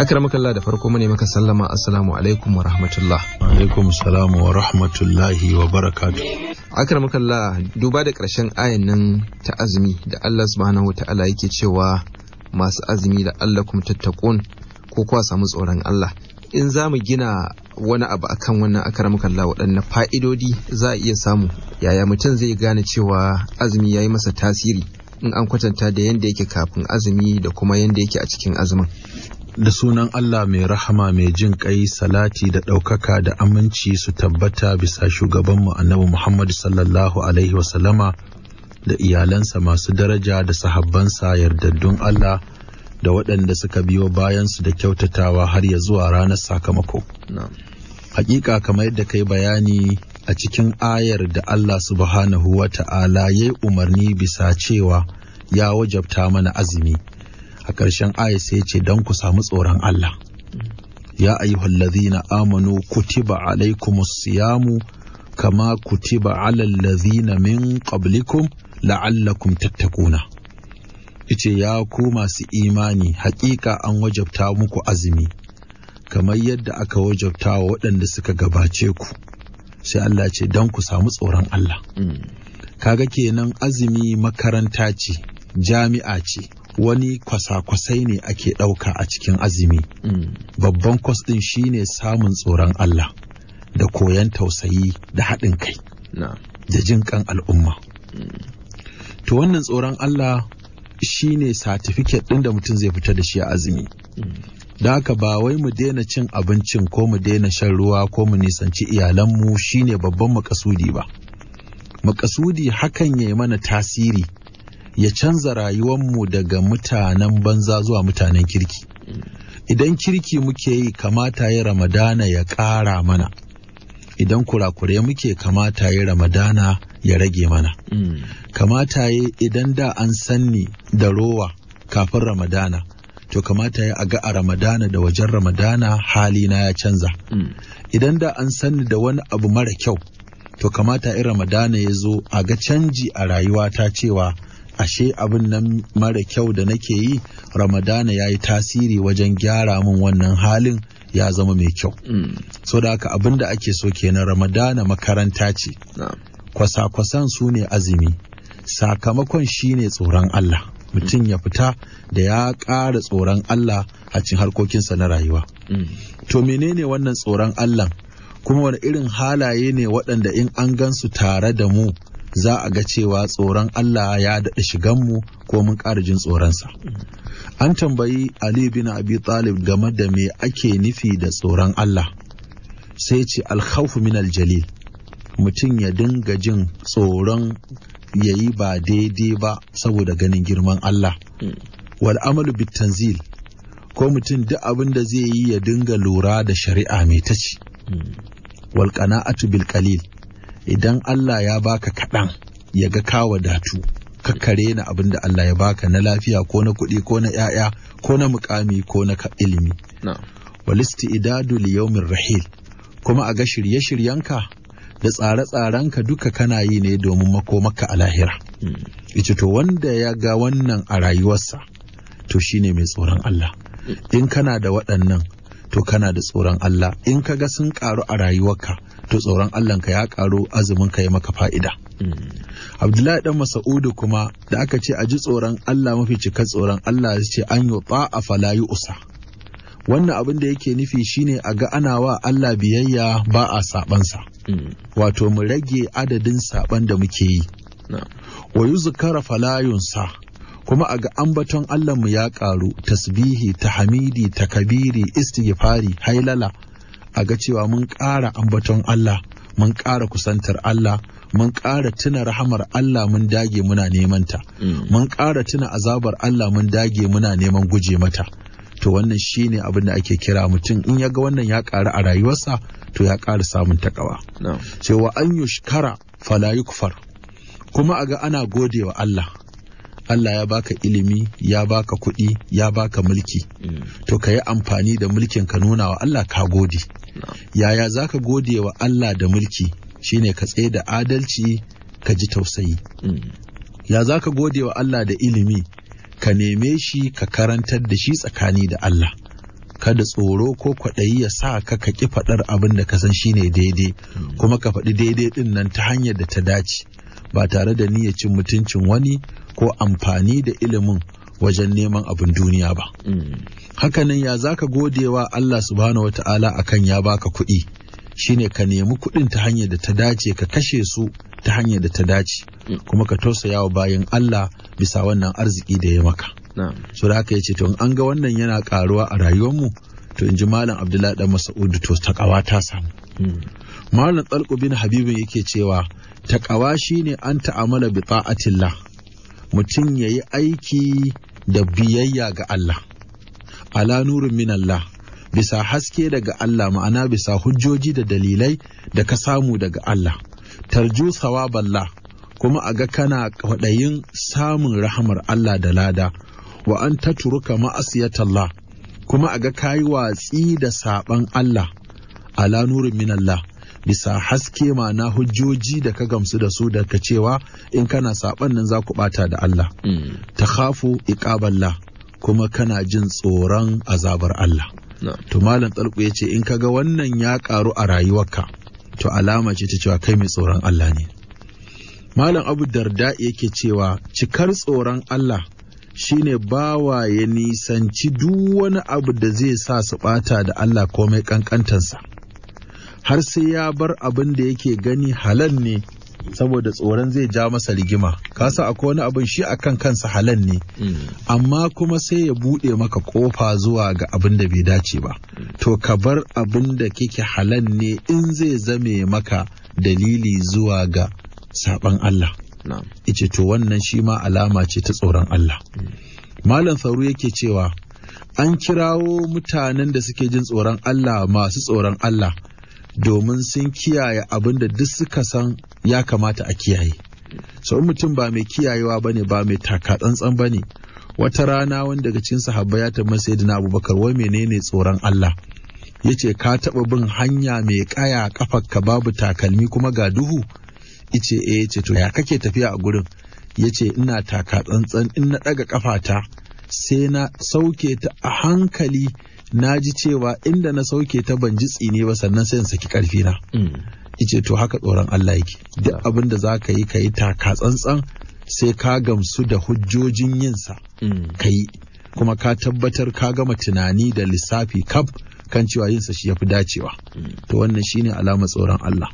akramakallah da farko mune maka sallama assalamu alaikum wa rahmatullah alaikum salamu wa rahmatullahi wa barakatu akramakallah duba da karshen ayan nan ta azumi da Allah subhanahu wa ta'ala yake cewa masu azumi da Allah kuma tattakun ko kuwa samu tsoron Allah in za mu gina wani abu akan wannan akramakallah waɗanne fa'idodi za a iya samu yaya mutum zai gane cewa azumi ya yi masa tasiri in an kwatanta da yadda yake kafin azumi da kuma yadda yake a cikin azumin da sunan Allah mai rahama mai jin ƙai salati da ɗaukaka da aminci su tabbata bisa shugabanmu annabi Muhammad sallallahu Alaihi wasallama da iyalansa masu daraja da sahabbansa yardaddun Allah da waɗanda suka biyo bayan su da kyautatawa har ya zuwa ranar sakamako. Hakika kamar yadda kai bayani a cikin ayar da Allah subhanahu wa ta'ala ya yi umarni bisa cewa ya wajabta mana azumi. a ƙarshen aya sai ce don ku samu tsoron Allah ya ayyuhallazina amanu kutiba alaikumus siyamu kama kutiba alal ladzina min qablikum la'allakum tattakuna ice ya ku masu imani hakika an wajabta muku azumi kamar yadda aka wajabta wa waɗanda suka gabace ku sai Allah ce don ku samu tsoron Allah hmm. kaga kenan azumi makaranta ce jami'a ce wani kwasa-kwasai ne ake ɗauka a cikin azumi mm. babban kwas ɗin shi ne samun tsoron Allah da koyon tausayi da haɗin kai da jin kan al'umma mm. to wannan tsoron Allah shi ne satifiket ɗin da mutum zai fita da shi a azumi mm. da haka ba wai mu daina cin abincin ko mu daina shan ruwa ko mu nisanci iyalanmu ne babban makasudi ba makasudi hakan ya yi mana tasiri ya canza rayuwanmu daga mutanen banza zuwa mutanen kirki idan kirki muke yi kamata ya ramadana ya ƙara mana idan kurakure muke kamata ya ramadana ya rage mana kamata ya idan da an sanni da rowa kafin ramadana to kamata ya ga a ramadana da wajen ramadana halina ya canza idan da an sanni da wani abu mara kyau to kamata yi ramadana ya zo a ga canji a rayuwa ta cewa ashe abin nan mara kyau da nake yi ramadana ya yi tasiri wajen gyara min wannan halin ya zama mai kyau mm. so da haka abin da ake so kenan ramadana makaranta ce kwasa-kwasan su ne azumi sakamakon shi ne tsoron Allah mutum ya fita da ya ƙara tsoron Allah a cikin harkokinsa na rayuwa mm. to menene wannan tsoron Allah kuma wani irin halaye ne waɗanda in an gansu tare da mu za a ga cewa tsoron Allah ya daɗa shiganmu ko mun ƙara jin tsoronsa. An tambayi Ali bin Abi Talib game da me ake nufi da tsoron Allah, sai ce alkhawfu min aljalil mutum ya dinga jin tsoron ya yi ba daidai ba saboda ganin girman Allah. Wal amalu bit tanzil ko mutum duk abin da zai yi ya dinga lura da shari'a mai ta ce. Wal qana'atu bil qalil idan Allah ya baka kaɗan ya ga ka wadatu kakkare na abin da Allah ya baka na lafiya ko na kuɗi ko na ‘ya'ya ko na mukami ko na ilimi. Walisti idadu liyaumin rahil kuma a ga shirye-shiryenka da tsare-tsarenka duka kana yi ne domin makomaka a lahira. Ice hmm. to wanda ya ga wannan a rayuwarsa to shine mai tsoron Allah. Hmm. In kana da waɗannan to kana da tsoron Allah in ka ga sun karu a rayuwarka to tsoron Allah ka ya karu azumin ka ya maka fa'ida hmm. Abdullahi dan Masa'udu kuma da aka ce a ji tsoron Allah mafi cika tsoron Allah ya ce an yuta a falayuusa. usa wannan abin da yake nufi shine a ga ana wa Allah biyayya ba a sabansa hmm. wato mu rage adadin saban da muke yi wa yuzkara falayunsa kuma a ga ambaton mu ya ƙaru tasbihi ta hamidi tahmidi takabiri istighfari hailala a ga cewa mun ƙara ambaton Allah mun ƙara kusantar Allah mun ƙara tuna rahamar Allah mun dage muna neman ta mm. mun ƙara tuna azabar Allah mun dage muna neman guje mata to wannan shine abin da ake kira mutum in ya ga wannan ya ƙara a rayuwarsa to ya ƙara samun takawa cewa an yushkara fala yukfar kuma a ga ana gode wa Allah Allah ya baka ilimi ya baka kuɗi ya baka mulki mm. to ka yi amfani da mulkin ka nuna wa Allah ka gode yaya za ka gode wa Allah da mulki shine ka tsaye da adalci ka ji tausayi mm. ya za ka gode wa Allah da ilimi ka neme shi ka karantar da shi tsakani da Allah kada tsoro ko kwaɗayi ya sa ka ka ki faɗar abin da ka san shine daidai mm. kuma ka faɗi daidai ɗin nan ta hanyar da ta dace ba tare da niyyar cin mutuncin wani ko amfani da ilimin wajen neman abin duniya ba. Hakanan ya za ka wa Allah subhanahu wa ta'ala a kan ya baka kuɗi, shi ne ka nemi kuɗin ta hanyar da ta dace ka kashe su ta hanyar da ta dace, kuma ka tausaya wa bayan Allah bisa wannan arziki da ya maka. sura So da haka ya ce, to in an ga wannan yana karuwa a rayuwarmu, to in ji Malam Abdullahi ɗan Masa'udu to ta ƙawa ta samu. Hmm. malam tsalku bin Habibu yake cewa taƙawa shine an ta'amala bi ta'atillah mutum ya yi aiki da biyayya ga Allah ala nurin min Allah bisa haske daga Allah ma'ana bisa hujjoji da dalilai da ka samu daga Allah tarju sawaballah kuma a ga kana kwaɗayin samun rahamar Allah da lada wa an ta turuka ma'asiyatallah kuma a ga kayi watsi da saɓan Allah ala nurin min Allah bisa haske ma na hujjoji da ka gamsu da su daga cewa in kana saɓan nan za ku bata da Allah mm. ta khafu iƙaballa kuma kana jin tsoron azabar Allah to malam tsalku ya ce in ka ga wannan ya ƙaru a rayuwarka to alama ce ta cewa kai mai tsoron Allah ne malam abu darda yake cewa cikar tsoron Allah shine bawa ya nisanci duk wani abu da zai sa su ɓata da Allah komai kankantansa har sai ya bar abin da yake gani halal ne saboda tsoron zai ja masa rigima kasa akwai wani abin shi akan kansa halal ne hmm. amma kuma sai ya buɗe maka kofa zuwa ga abin da bai dace ba hmm. to ka bar abin da kike halal ne in zai zame maka dalili zuwa ga Sabon Allah ice to wannan shi ma alama ce ta tsoron Allah hmm. malam sauru yake cewa an kirawo mutanen da suke jin tsoron Allah masu tsoron Allah domin sun kiyaye abin da duk suka san ya kamata a kiyaye so mutum ba mai kiyayewa ba ne ba mai takatsantsan tsantsan ba ne wata rana wani daga cikin sahabba ya sai dina abubakar wai menene tsoron Allah ya ce ka taɓa bin hanya mai ƙaya ka babu takalmi kuma ga duhu ice e eh, ya ce to ya kake tafiya a gurin ya ce ina taka tsantsan in na ɗaga ƙafata sai na sauke ta a hankali na ji cewa inda na sauke ta ban ji tsine ba sannan sai in saki karfi na mm. ice to haka tsoron Allah yake duk abin da za ka yi ka yi taka tsantsan sai ka gamsu da hujjojin yinsa mm. ka yi kuma ka tabbatar ka gama tunani da lissafi kaf kan cewa yinsa shi yafi dacewa mm. to wannan shine alamar tsoron Allah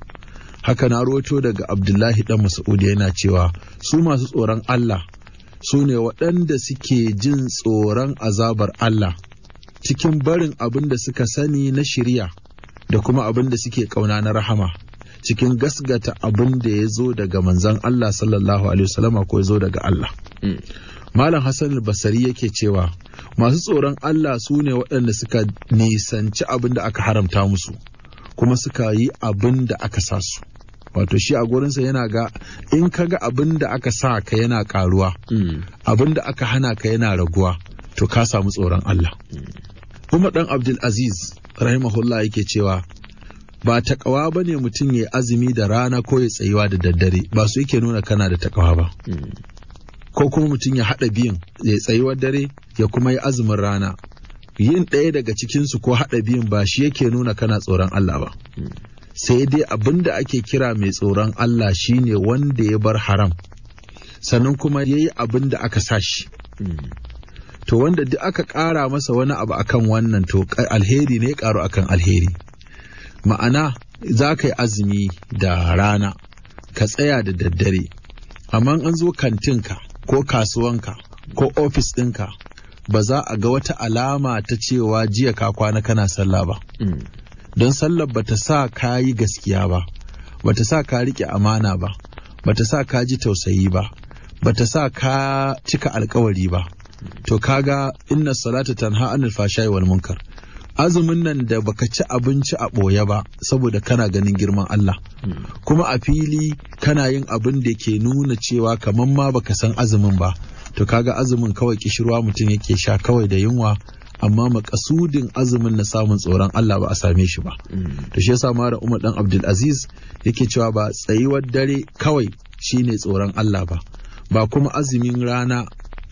haka na rawato daga Abdullahi dan Mas'ud yana cewa su masu tsoron Allah su ne waɗanda suke jin tsoron azabar Allah cikin barin abin da suka sani na shirya da kuma abin da suke ƙauna na rahama cikin gasgata abin da ya zo daga manzan Allah sallallahu alaihi wasallama ko ya zo daga Allah. Mm. Malam Hassan al-Basari yake cewa masu tsoron Allah su ne waɗanda suka nisanci abin da aka haramta musu kuma suka yi abin da aka sa su. Wato shi a gurinsa yana ga in ka ga abin da aka sa ka yana karuwa, mm. abin da aka hana ka yana raguwa, to ka samu tsoron Allah. Mm. Umar ɗan Abdul Aziz rahimahullah yake cewa ba takawa ba ne mutum ya azumi da rana ko ya tsayuwa da daddare ba su yake nuna kana da takawa ba. Ko kuma mutum ya haɗa biyun ya tsayuwar dare ya kuma yi azumin rana. Yin ɗaya daga cikinsu ko haɗa biyun ba shi yake nuna kana tsoron Allah ba. Sai dai abin da ake kira mai tsoron Allah shi ne wanda ya bar haram sannan kuma ya yi abin da aka sa shi. to wanda duk aka ƙara masa wani abu akan wannan to alheri ne ƙaru akan alheri ma'ana za ka yi azumi da rana ka tsaya da daddare amma an zo kantinka ko kasuwanka ko ofis ɗinka ba za a ga wata alama ta cewa jiya ka kwana kana sallah ba mm. don sallar ba ta sa ka yi gaskiya ba ba ta sa ka riƙe amana ba ba ta sa ka ji tausayi ba ba ta sa ka cika alkawari ba to kaga inna salata tanha anil fashai wal munkar azumin nan da baka ci abinci a ɓoye ba saboda kana ganin girman Allah kuma a fili kana yin abin da ke nuna cewa kamar ma baka san azumin ba to kaga azumin kawai kishirwa mutum yake sha kawai da yunwa amma makasudin azumin na samun tsoron Allah ba a same shi ba to shi yasa mara Umar dan Abdul Aziz yake cewa ba tsayuwar dare kawai shine tsoron Allah ba ba kuma azumin rana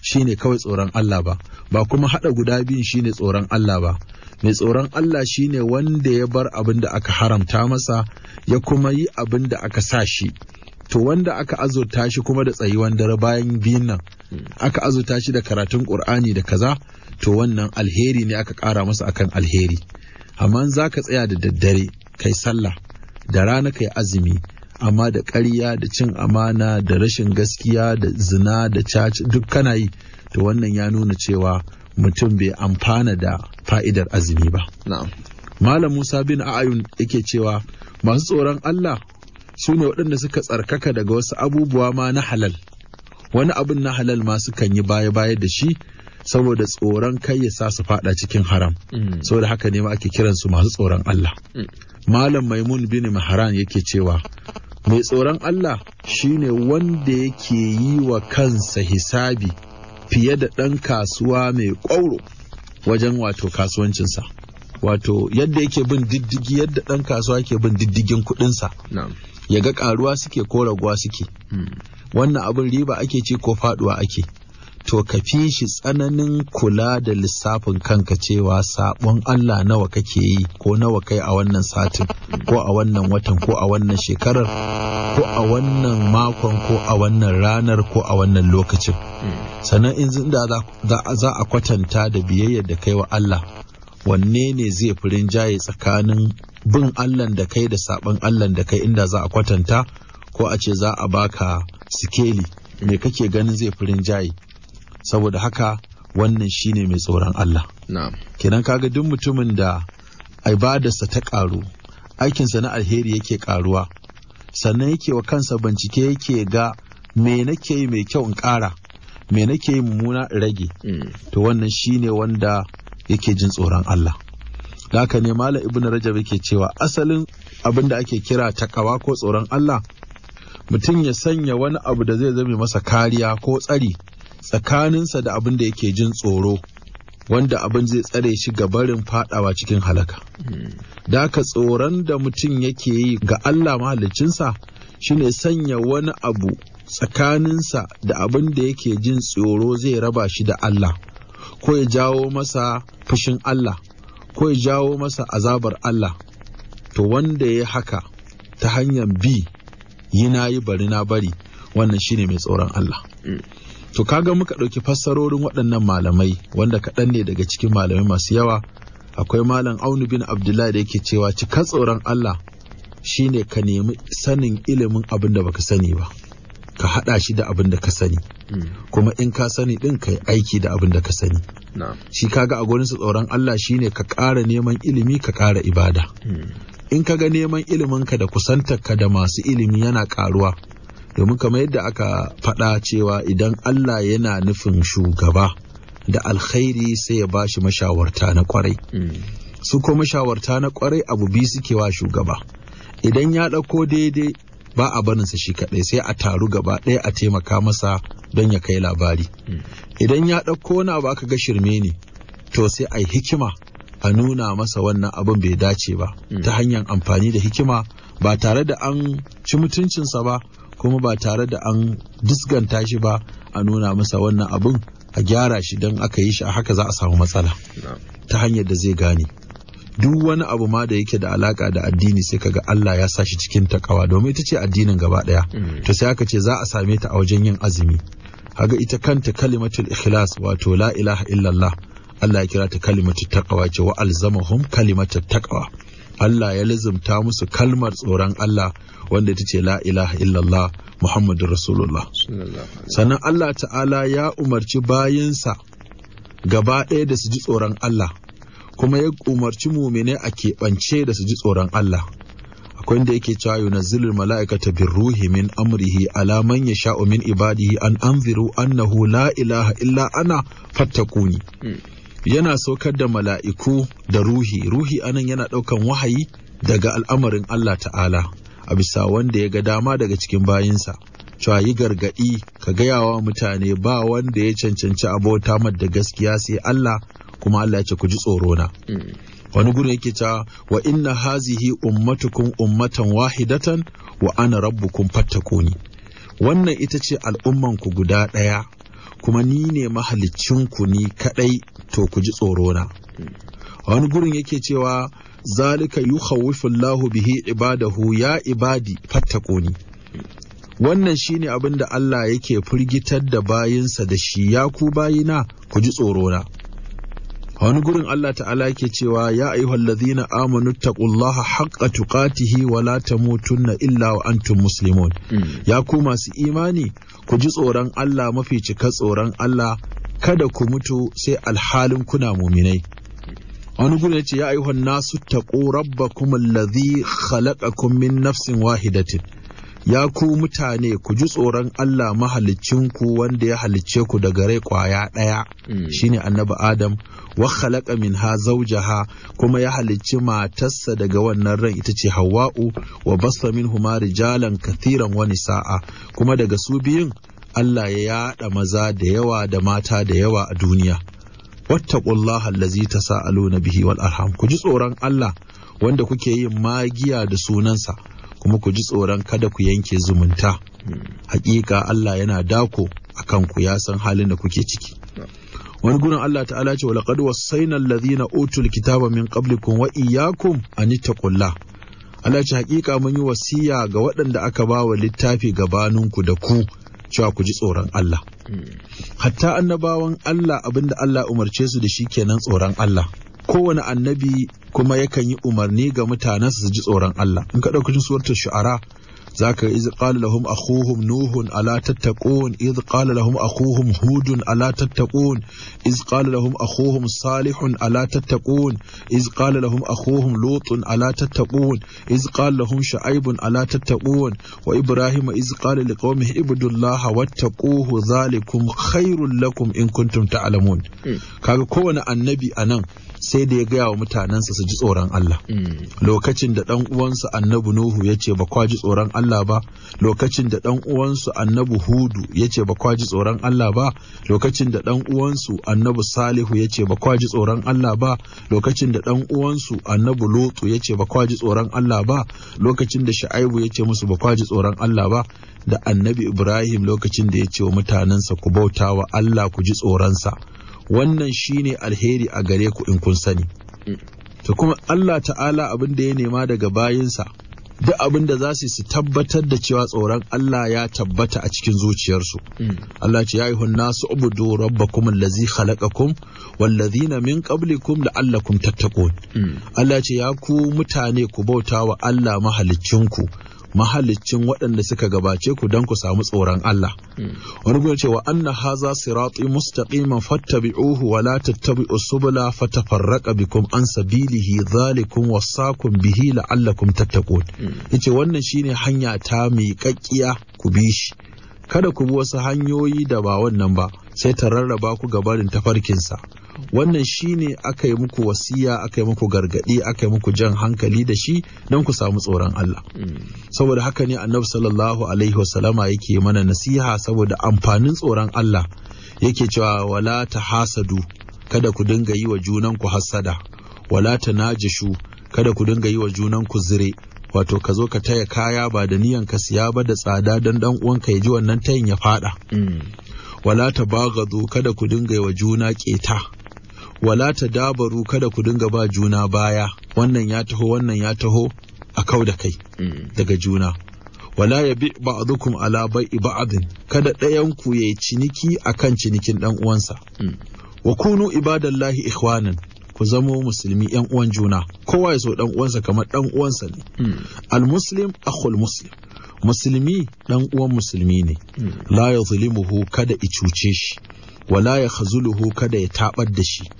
shine kawai tsoron Allah ba ba kuma hada guda biyun shine tsoron Allah ba mai tsoron Allah shine wanda ya bar abin da aka haramta masa ya kuma yi abin da aka sa shi to wanda aka azurta shi kuma da tsayuwan dare bayan biyun nan aka azurta shi da karatun Qur'ani da kaza to wannan alheri ne aka kara masa akan alheri amma za ka tsaya da daddare kai sallah da rana kai azumi amma da ƙarya da cin amana da rashin gaskiya da zina da caci duk kana yi to wannan ya nuna cewa mutum bai amfana da fa'idar azumi ba malam musa bin a'ayun yake cewa masu tsoron allah su ne waɗanda suka tsarkaka daga wasu abubuwa ma na halal wani abin na halal ma sukan yi baya-baya da shi saboda tsoron kai ya sa su fada cikin haram mm. saboda haka ne ma ake kiransu masu tsoron Allah mm. malam maimun bin maharan yake cewa mai tsoron Allah shine wanda yake yi wa kansa hisabi fiye da ɗan kasuwa mai ƙwauro wajen wato kasuwancinsa wato yadda yake bin diddigi yadda ɗan kasuwa ke bin diddigin kuɗinsa ya ga ƙaruwa suke ko raguwa suke hmm. wannan abin riba ake ci ko faɗuwa ake to ka fi shi tsananin kula da lissafin kanka cewa sabon Allah nawa kake yi ko nawa kai a wannan satin ko a wannan watan ko a wannan shekarar ko a wannan makon ko a wannan ranar ko a wannan lokacin sannan in da za a kwatanta da biyayyar da kai wa Allah wanne ne zai fi rinjaye tsakanin bin Allah da kai da sabon Allah da kai inda za a kwatanta ko a ce za a baka sikeli me kake ganin zai fi rinjaye saboda haka wannan shine mai tsoron Allah kenan kaga duk mutumin da ibadarsa ta ƙaru aikinsa na alheri yake ƙaruwa sannan yake wa kansa bincike yake ga me nake yi mai kyau in ƙara me nake yi mummuna in rage mm. to wannan shine wanda yake jin tsoron Allah haka ne Malam Ibn Rajab yake cewa asalin abinda ake kira takawa ko tsoron Allah mutum ya sanya wani abu da zai zame masa kariya ko tsari tsakaninsa da abin da yake jin tsoro wanda abin zai tsare shi ga barin fadawa cikin halaka. Da aka tsoron da mutum yake yi ga Allah mahalicinsa ne sanya wani abu tsakaninsa da abin da yake jin tsoro zai raba shi da Allah, ko ya jawo masa fushin Allah, ko ya jawo masa azabar Allah. To wanda ya haka ta hanyar bi yi na yi bari na bari wannan shi ne mai tsoron Allah. Mm. to kaga muka ɗauki fassarorin waɗannan malamai wanda kaɗan ne daga cikin malamai masu yawa akwai malam aunu bin abdullahi da yake cewa cika tsoron Allah shine ka nemi sanin ilimin abin da baka sani ba ka haɗa shi da abin da ka sani hmm. kuma in ka sani ɗin ka yi aiki da abin da ka sani Shi shi kaga a gurin su tsoron Allah shine ka ƙara neman ilimi ka ƙara ibada hmm. in ka ga neman iliminka da kusantarka da masu ilimi yana ƙaruwa domin kamar yadda aka faɗa cewa idan Allah yana nufin shugaba da alkhairi sai ya bashi mashawarta na kwarai mm. su ko mashawarta na kwarai abu bi suke wa shugaba idan ya ɗauko daidai ba a sa shi kaɗai sai a taru gaba ɗaya a taimaka masa don ya kai labari mm. idan ya ɗauko na ba ka ga shirme ne to sai a yi hikima a nuna masa wannan abin bai dace ba mm. ta hanyar amfani da hikima ba tare da an ci mutuncinsa ba kuma ba tare da an disganta shi ba a nuna masa wannan abin a gyara shi don aka yi shi a haka za a samu matsala ta hanyar da zai gane duk wani abu ma da yake da alaka da addini sai kaga Allah ya sa shi cikin takawa domin ita ce addinin gaba daya mm. to sai aka ce za a same ta a wajen yin azumi haga ita kanta kalimatul ikhlas wato la ilaha illallah Allah ya kira ta kalimatul taqwa ce wa alzamahum kalimatul taqwa Allah ya lizumta musu kalmar tsoron Allah wanda ita ce la ilaha illallah Muhammadu Rasulullah. Sannan Allah ta'ala ya umarci bayansa gaba ɗaya da su ji tsoron Allah, kuma ya umarci mumine a keɓance da su ji tsoron Allah. Akwai da yake cewa yunazzilul mala'ikata bin ruhi min amrihi alaman ya sha'o min ibadihi an anziru annahu la ilaha illa ana fattakuni. Hmm. yana saukar da mala'iku da ruhi ruhi anan yana ɗaukan wahayi daga al'amarin Allah ta'ala a bisa wanda ya ga dama daga cikin bayinsa cewa yi gargaɗi ka gaya wa mutane ba wanda ya cancanci abota mad da gaskiya sai Allah kuma Allah ya ce ku ji tsoro na wani gurin yake ta wa inna hazihi ummatukun ummatan wahidatan wa ana rabbukum fattakuni wannan ita ce al'ummanku guda ɗaya kuma ni ne ku ni kaɗai to ku ji na wani gurin yake cewa zalika yukhawwifullahu bihi ibadahu ya ibadi Fatta koni. wannan shine abin da Allah yake firgitar da bayinsa da shi ya ku bayina ku ji na wani gurin Allah ta'ala yake cewa ya ayyuhal ladhina amanu taqullaha haqqa tuqatihi wa la tamutunna illa wa antum muslimun hmm. ya ku masu imani ku ji tsoron Allah mafi cika tsoron Allah kada ku mutu sai alhalin kuna muminai wani gudu ce ya aihon nasu taqu rabbakum lazi khalaqakum min nafsin wahidatin ya ku mutane ku ji tsoron Allah mahalicinku wanda ya halicce ku daga rai kwaya ɗaya hmm. Shi ne annabi Adam wa min ha zaujaha kuma ya halicci matarsa daga wannan ran ita ce Hawwa'u wa basta minhuma rijalan kathiran wani sa'a kuma daga su biyun Allah ya yaɗa maza da yawa da mata da yawa a duniya. ta sa allazi na bihi wal arham ku ji tsoron Allah wanda kuke yin magiya da sunansa kuma ku ji tsoron kada ku yanke zumunta. Hakika Allah yana dako akan ku ya san halin da kuke ciki. wani gurin Allah ta'ala ce walaqad lazi na utul kitaba min qablikum wa iyyakum an ƙulla Allah ce hakika mun yi wasiya ga waɗanda aka ba wa littafi gabaninku da ku cewa ku ji tsoron Allah hatta annabawan Allah abinda Allah umarce su da shi kenan tsoron Allah kowane annabi kuma yakan yi umarni ga mutanen su ji tsoron Allah in ka ɗauki suratul shu'ara zaka iz qala lahum akhuhum nuhun ala tattaqun iz qala lahum akhuhum hudun ala tattaqun iz qala lahum akhuhum salihun ala tattaqun iz qala lahum akhuhum lutun ala tattaqun iz qala lahum shu'aibun ala tattaqun wa ibrahim iz qala liqaumihi ibudullaha wattaquhu zalikum khairul lakum in kuntum ta'lamun hmm. kaga kowane annabi anan sai da ya gaya wa mutanensa su ji tsoron Allah hmm. lokacin da dan uwansa annabi nuhu yace ba kwa ji tsoron Allah Allah ba lokacin da ɗan uwansu annabi hudu ya ce ba kwaji tsoron Allah ba lokacin da ɗan uwansu annabi salihu ya ce ba kwaji tsoron Allah ba lokacin da ɗan uwansu annabi lutu ya ce ba kwaji tsoron Allah ba lokacin da Shu'aibu ya ce musu ba kwaji tsoron Allah ba da annabi ibrahim lokacin da ya ce wa mutanensa ku bauta wa Allah ku ji tsoron sa. wannan shine alheri a gare ku in kun sani mm. to kuma Allah ta'ala abin da ya nema daga bayinsa duk abin da za su su tabbatar da cewa tsoron Allah ya tabbata a cikin zuciyarsu hmm. Allah ce ya yi hunna su ubudu rabbakum allazi khalaqakum wallazina min qablikum la'allakum tattaqun hmm. Allah ce ya ku mutane ku bauta wa Allah ku. mahalicin waɗanda suka gabace ku don ku samu tsoron Allah. Wani gudun cewa anna haza sirati mustaqiman fattabi'uhu wa la tattabi'u subula fatafarraqa bikum an sabilihi zalikum wasakum bihi la'allakum tattaqun. Yace wannan shine hanya ta miƙaƙƙiya ku bi shi. kada ku bi wasu hanyoyi da ba wannan ba sai ta rarraba ku gabarin tafarkinsa wannan shine aka yi muku wasiya aka yi muku gargadi aka yi muku jan hankali da shi don ku samu tsoron Allah saboda haka ne annabi sallallahu alaihi wasallama yake mana nasiha saboda amfanin tsoron Allah yake cewa wala ta hasadu kada ku dinga yi wa junanku hassada wala ta najishu kada ku dinga yi wa junanku zire wato ka zo ka taya kaya ba da niyan ka siya ba da tsada don dan uwanka ya ji wannan tayin ya fada mm. wala ta bagazu kada ku dinga wa juna keta wala ta dabaru kada ku dinga ba juna baya wannan ya taho wannan ya taho a kau da kai mm. daga juna wala ya bi ba'dukum ala bai'i ba'din kada ɗayan ku yayi ciniki akan cinikin dan uwansa mm. wa kunu ibadallahi ikhwanan ku zamo musulmi yan uwan juna kowa ya so dan uwansa kamar dan uwansa ne hmm. al muslim akhul muslim musulmi dan uwan musulmi ne hmm. la yuzlimuhu kada i cuce shi wala ya khazuluhu kada ya tabar da shi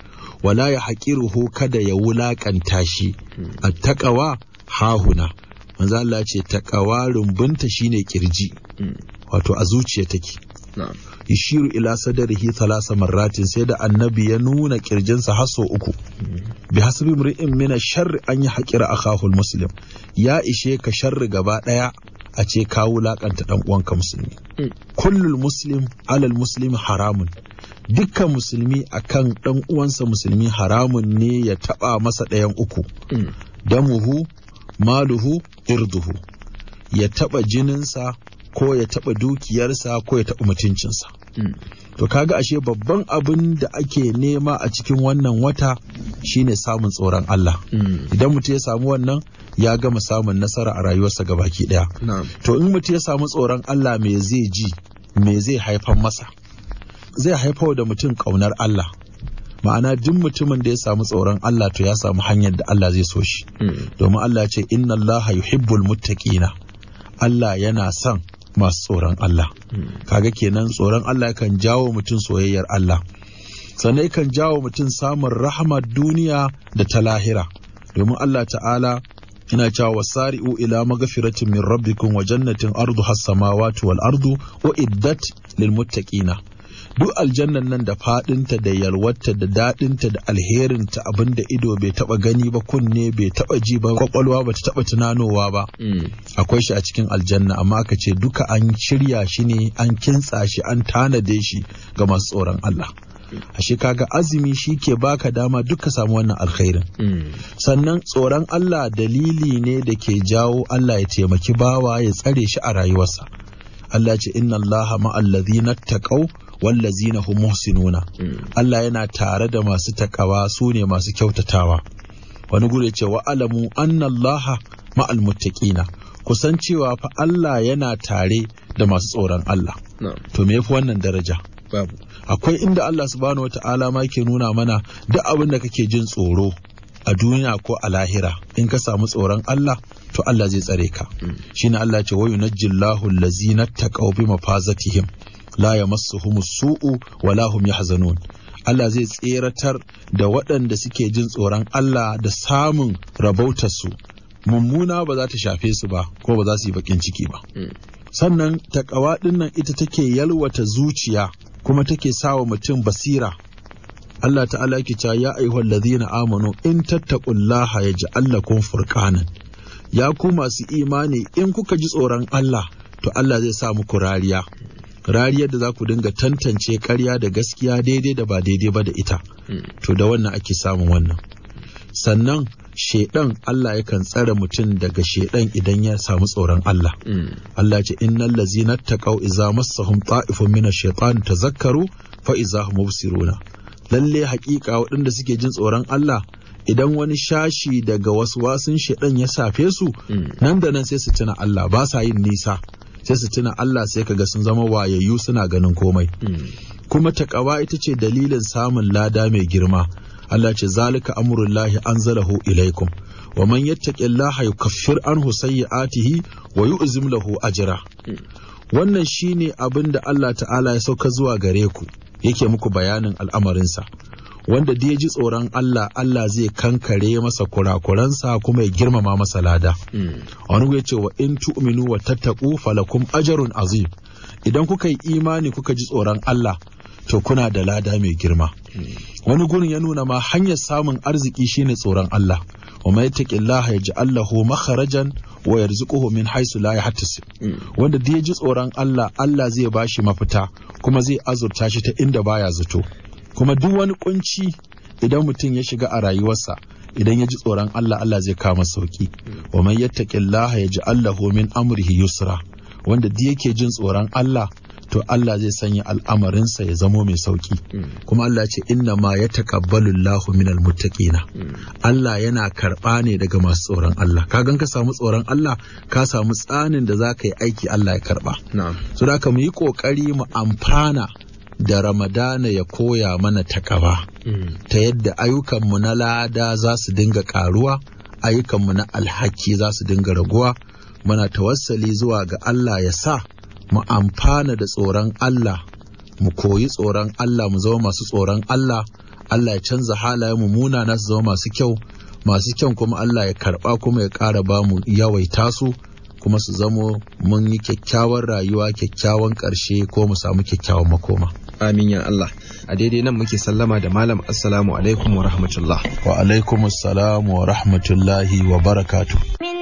wala ya haƙiruhu kada ya wulaƙanta shi hmm. a taƙawa hahuna manzo Allah ce taƙawa rumbunta shine kirji wato a zuciya take ishiru ila sadarihi thalasa marratin sai da annabi ya nuna kirjinsa haso uku bi hasbi mri'in min sharri an yi haƙira akahul muslim ya ishe ka sharri gaba daya. a ce ka dan ɗan uwanka musulmi kullul muslim alal muslim haramun dukkan musulmi akan ɗan uwansa musulmi haramun ne ya taba masa dayan uku damuhu maluhu irduhu ya taɓa jininsa ko ya taɓa dukiyarsa ko ya taɓa mutuncinsa hmm. to kaga ashe babban abin da ake nema a cikin wannan wata shine samun tsoron Allah hmm. idan mutum ya samu wannan ya gama samun nasara a rayuwarsa gabaki daya to in mutum ya samu tsoron Allah me zai ji me zai haifar masa zai haifar da mutum ƙaunar Allah ma'ana duk mutumin da ya samu tsoron Allah to ya samu hanyar da Allah zai so shi hmm. domin Allah ya ce inna Allah yuhibbul muttaqina Allah yana son masu tsoron Allah kaga kenan tsoron Allah kan jawo mutum soyayyar Allah sannan kan jawo mutum samun rahama duniya da ta lahira domin Allah ta'ala ina cewa sari'u ila magafiratin min rabbikum wa jannatin ardu has samawati wal ardu wa iddat lil duk aljannan nan da faɗinta da yalwarta da daɗinta da alherinta abinda ido bai taɓa gani ba kunne bai taɓa ji ba kwakwalwa ba ta taɓa tunanowa ba mm. akwai shi a cikin aljanna amma aka ce duka an shirya shi ne an kintsa shi an tanade shi ga masu tsoron Allah mm. ashe kaga azumi shi ke baka dama duka samu wannan alkhairin mm. sannan tsoron Allah dalili ne da ke jawo Allah ya taimaki bawa ya tsare shi a rayuwarsa Allah ce inna Allah ma'allazina taqaw wallazina hum muhsinuna hmm. Allah yana tare da masu takawa su ne masu kyautatawa wani gure ce wa alamu annallaha ma'al muttaqina kusan cewa fa Allah yana tare da masu tsoron Allah to me yafi wannan daraja babu akwai inda Allah subhanahu wata'ala ma ke nuna mana duk abin da kake jin tsoro a duniya ko a lahira in ka samu tsoron Allah to Allah zai tsare ka hmm. shine Allah ce wa yunajjillahu allazina taqaw bi mafazatihim la yamassuhumus su'u wala lahum yahzanun Allah zai tseratar da waɗanda suke jin tsoron Allah da samun rabautarsu mummuna ba za ta shafe su ba ko ba za su yi baƙin ciki ba hmm. sannan takawa ɗinnan ita take yalwata zuciya kuma take sawa mutum basira Allah ta'ala yake cewa ya ayyuhal ladzina amanu in tattaqullaha yaj'al lakum furqanan ya ku masu imani in kuka ji tsoron Allah to Allah zai sa muku rariya rariyar da za ku dinga tantance karya da gaskiya daidai da ba daidai ba da ita to da wannan ake samun wannan sannan shedan Allah yakan tsare mutum daga shedan idan ya samu tsoron Allah Allah ce innal ladzina taqaw masu massahum ta'ifun minash shaitani tazakkaru fa idza hum mubsiruna lalle hakika waɗanda suke jin tsoron Allah idan wani shashi daga wasu wasun shedan ya safe su hmm. nan da nan sai su tuna Allah ba sa yin nisa sai su tuna Allah sai kaga sun zama wayayyu suna ganin komai hmm. kuma takawa ita ce dalilin samun lada mai girma Allah ce zalika amrullahi anzalahu ilaikum wa man yattaqillaha yukaffir anhu sayyi'atihi wa yu'zim lahu ajra hmm. wannan shine abin da Allah ta'ala ya sauka zuwa gare ku yake muku bayanin al'amarinsa wanda da ya ji tsoron Allah Allah zai kankare masa kurakuransa kuma ya girmama masa lada hmm. Wani wani ya ce wa in tu'minu wa tattaku falakum ajarun azim idan kuka yi imani kuka ji tsoron Allah to kuna da lada mai girma hmm. wani gurin ya nuna ma hanyar samun arziki shine tsoron Allah wa mai taqillaha Allah ho makharajan wa yarzuquhu min haisu la yahtasib hmm. wanda da ya ji tsoron Allah Allah zai bashi mafita kuma zai azurta shi ta inda baya zato kuma duk wani kunci idan mutum ya shiga a rayuwarsa idan ya ji tsoron Allah Allah zai kama sauki wa man yattaqillaha ji lahu min amrihi yusra wanda duk yake jin tsoron Allah to Allah zai sanya al'amarinsa ya zamo mai sauki kuma Allah ce inna ma ya takabbalu Allahu min almuttaqina Allah yana karɓa ne daga masu tsoron Allah ka gan ka samu tsoron Allah ka samu tsanin da za ka yi aiki Allah ya karɓa so da mu yi ƙoƙari mu amfana da ramadana ya koya mana ƙaba hmm. ta yadda ayyukanmu na lada za su dinga karuwa ayyukanmu na alhaki za su dinga raguwa muna tawassali zuwa ga Allah ya sa mu amfana da tsoron Allah mu koyi tsoron Allah mu zama masu tsoron Allah Allah ya canza halayen mu Muna na su zama masu kyau masu kyan kuma Allah ya karɓa kuma ya ƙara ba mu yawaita su kuma su zamo mun yi kyakkyawar rayuwa kyakkyawan ƙarshe ko mu samu kyakkyawan makoma amin ya Allah a daidai nan muke sallama da malam assalamu alaikum wa rahmatullah wa alaikum wa rahmatullahi wa barakatuh